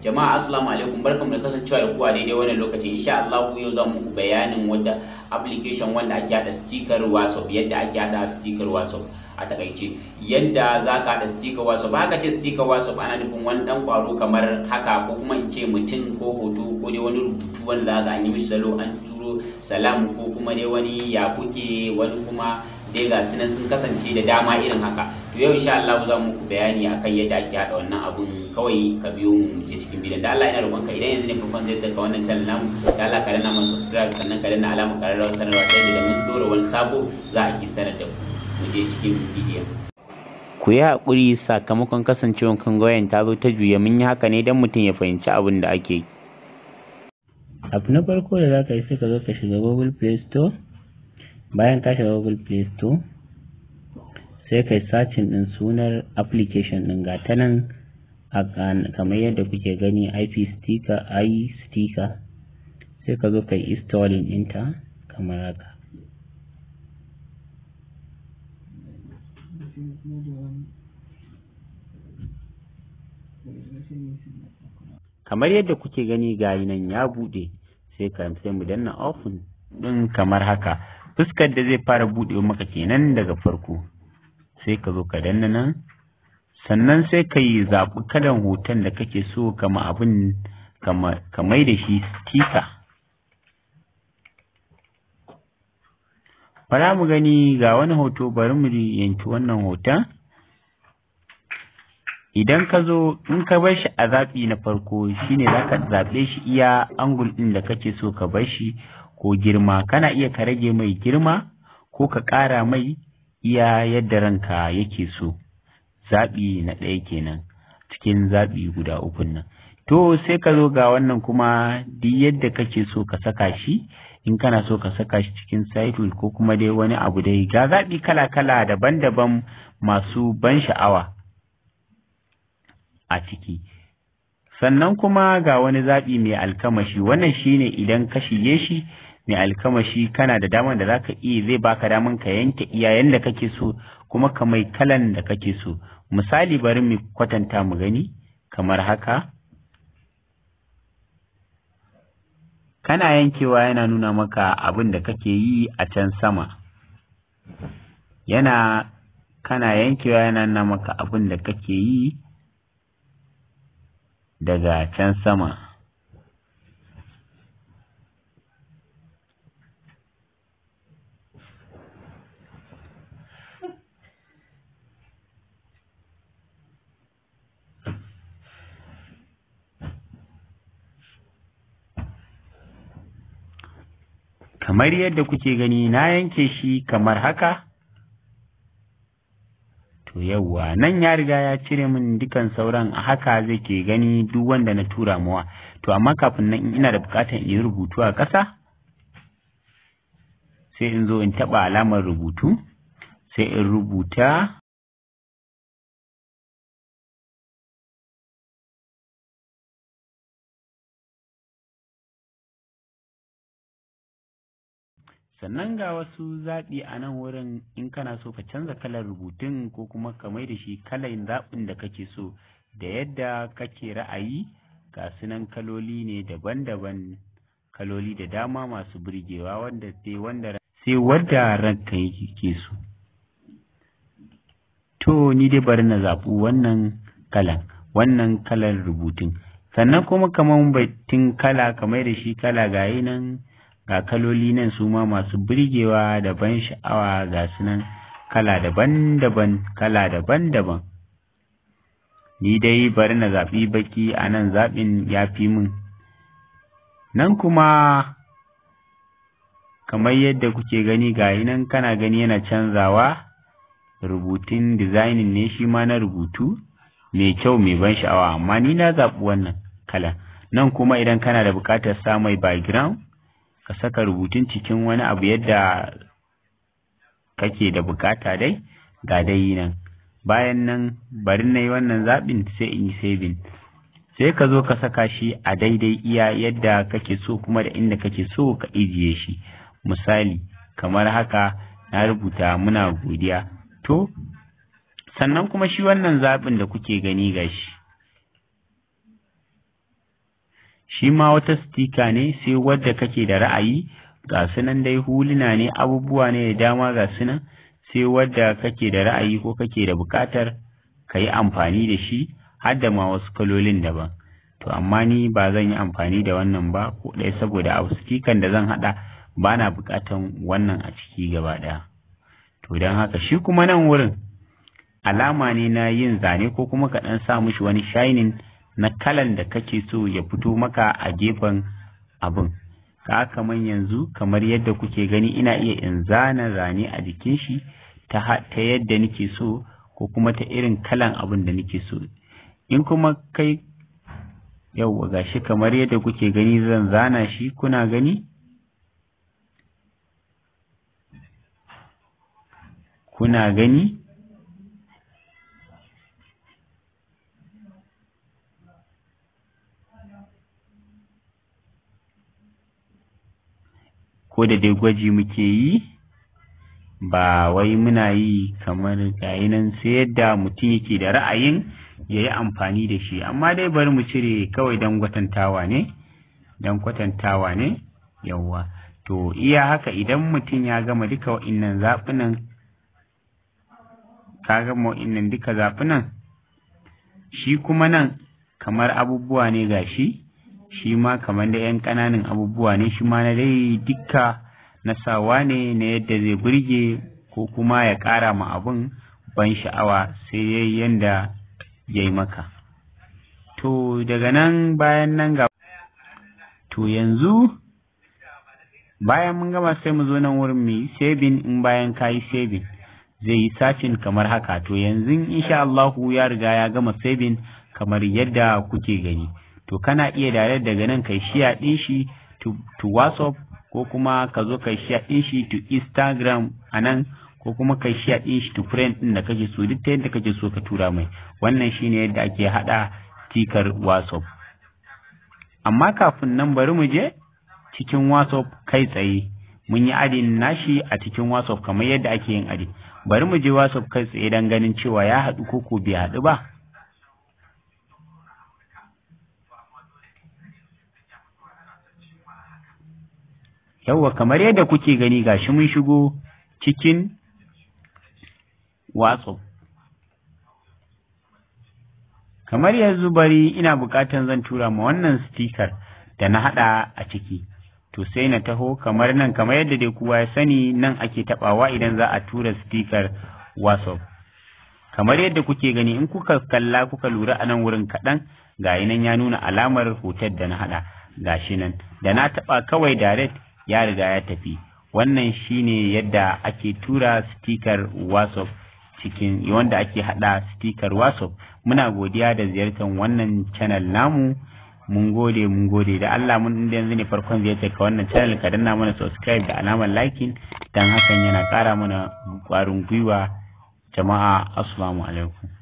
jama'a asalamu alaikum barkamu da kasancewa da ku daidai wannan lokaci insha Allah yau zan muku bayanin wanda application wanda ake hada sticker WhatsApp yadda ake hada sticker WhatsApp a takaice yadda za ka hada sticker WhatsApp haka ce sticker WhatsApp ana nufin wani dan kwaro kamar haka ko kuma in ce mutum ko hoto ko dai wani rubutu wanda za ka an yi mishi salo an turo salam ko kuma dai wani ya kuke wani kuma dai ga sunan sun kasance da dama irin haka to yau insha Allah za mu muku bayani akan yadda ake hada wannan abun kawai ka biyo mu mu je cikin bidiyon da Allah ina roƙon ka idan yanzu ne farkon zai daga wannan channel namu da Allah ka danna mu subscribe sannan ka danna alamar kararrawar sanarwa ta yadda mun dora wani sabo za a ki sanar da mu je cikin bidiyon ku yi haƙuri sakamakon kasancewar kangoyen ta zo ta juya mun yi haka ne don mutum ya fahimci abin da ake yi abu na farko da za ka yi sai ka zo ka shiga google play store bayan ka shiga google play store sai kai sacin din sunar application din ga ta nan kamar yadda kuke gani ip sticker i sticker sai ka zo kai installing ɗinta kamar haka kamar yadda kuke gani gayi nan ya bude sai ka sai mu danna open din kamar haka fuskar da zai fara buɗe maka kenan daga farko sai ka zo ka danna nan sannan sai ka yi zaɓi kalan hoton da kake so kama abin ka mai da shi stika bara mu gani ga wani hoto bari mu yanki wannan hoton idan ka zo in ka bar shi a zaɓi na farko shine za ka zaɓe shi iya angul ɗin da kake so ka bar shi ko girma kana iya ka rage mai girma ko ka ƙara mai iya yadda ranka yake so zaɓi na ɗaya kenan cikin zaɓi guda ukun nan to sai ka zo ga wannan kuma duk yadda kake so ka saka shi in kana so ka saka shi cikin title ko kuma dai wani abu dai ga zaɓi kala-kala daban-daban masu ban sha'awa a ciki sannan kuma ga wani zaɓi mai alkamashi wannan shine idan ka shige shi mai alkamashi kana da daman da zaka iya zai baka daman ka yanke iyayen da kake so kuma ka mai kalan da kake so misali bari mu kwatanta mu gani kamar haka kana yankewa yana nuna maka abin da kake yi a can sama yana kana yankewa yana nuna maka abin da kake yi daga can sama kamar yadda kuke gani na yanke shi kamar haka to yawa nan ya riga ya cire min dukan sauran a haka zai ke gani duk wanda na tura mawa to amma kafin nan ina da bukatar in rubutu a ƙasa sai in zo in taɓa alamar rubutu sai in rubuta sannan ga wasu zaɓi a nan wurin in kana so ka canza kalar rubutun ko kuma ka mai da shi kalan zaɓin da kake so da yadda kake ra'ayi ga sunan kaloli ne daban-daban kaloli da dama masu birgewa wanda sai wanda sai wadda ranka yake ke so to ni dai bari na zaɓi wannan kalan wannan kalar rubutun sannan kuma kamar batun kala kamar da shi kala gayi nan ga kaloli nan su ma masu burgewa da ban sha'awa ga su nan kala daban-daban kala daban-daban ni dai bari na zaɓi baki a nan zaɓin ya fi min nan kuma kamar yadda kuke gani ga nan kana gani yana canzawa rubutun dizainin ne shi ma na rubutu mai kyau mai ban sha'awa amma ni na zaɓi wannan kala nan kuma idan kana da buƙatar sa mai background ka saka rubutun cikin wani abu yadda kake da bukata dai ga dai nan bayan nan bari na yi wannan zaɓin sai in yi saving sai ka zo ka saka shi a daidai iya yadda kake so kuma da inda kake so ka ijiye shi misali kamar haka na rubuta muna godiya to sannan kuma shi wannan zaɓin da kuke gani gashi shi ma wata stika ne sai wadda kake da ra'ayi ga sunan dai huluna ne abubuwa ne da dama ga sunan sai wadda kake da ra'ayi ko kake da bukatar ka yi amfani da shi har da ma wasu kalolin daban to amma ni ba zan yi amfani da wannan ba ko ɗaya saboda a stikan da zan haɗa ba na buƙatan wannan a ciki gaba ɗaya to don haka shi kuma nan wurin alama ne na yin zane ko kuma ka ɗan sa mishi wani shining na kalan da kake so ya fito maka a gefen abin ka kaman yanzu kamar yadda kuke gani ina iya in zana zane a jikin shi ta yadda nike so ko kuma ta irin kalan abin da nake so in kuma kai yauwa gashi kamar yadda kuke gani zan zana shi kuna gani kuna gani ko da dai gwaji muke yi ba wai muna yi kamar gayinan sai yadda mutum yake da ra'ayin ya yi amfani da shi amma dai bari mu cire kawai don kwatantawa ne don kwatantawa ne yawwa to iya haka idan mutum ya gama duka wa'innan zafinan ka gama wa'innan duka zafinan shi kuma nan kamar abubuwa ne ga shi shi ma kamar da 'yan ƙananan abubuwa ne shi ma na dai dukka na sawa ne na yadda zai burge ko kuma ya ƙara ma abin ban sha'awa sai ya yi yadda ya yi maka to daga nan bayan nan ga to yanzu bayan mun gama sai mu zo nan wurin mu yi in bayan ka yi sabin zai yi sacin kamar haka to yanzu sha Allahu ya riga ya gama sabin kamar yadda kuke gani to kana iya direct daga nan kai share din shi to, to whatsapp ko kuma ka zo kai share din shi to instagram anan ko kuma kai share din shi to friend din da kake so duk ta yadda kake so ka tura mai wannan shine yadda ake hada tikar whatsapp amma kafin nan bari mu je cikin whatsapp kai tsaye mun yi adin nashi a cikin whatsapp kamar yadda ake yin adin bari mu je whatsapp kai tsaye don ganin cewa ya haɗu ko ko bai haɗu ba yawwa kamar yadda kuke gani ga shi mun shigo cikin watsu kamar yanzu bari ina bukatan zan tura ma wannan sticker da na hada a ciki to sai na taho kamar nan kamar yadda dai kowa ya sani nan ake tabawa idan za a tura sticker whatsapp kamar yadda kuke gani in kuka kalla kuka lura a nan wurin kaɗan ga nan ya nuna alamar hotar da na hada gashi nan da na taba kawai direct ya riga ya tafi wannan shine yadda ake tura stikar whatsapp cikin wanda ake hada stikar whatsapp muna godiya da ziyartar wannan channel namu mun gode mun gode da Allah mun inda yanzu ne farkon ziyartar ka wannan channel ka danna mana subscribe da alamar liking dan hakan yana kara mana kwarin gwiwa jama'a assalamu alaikum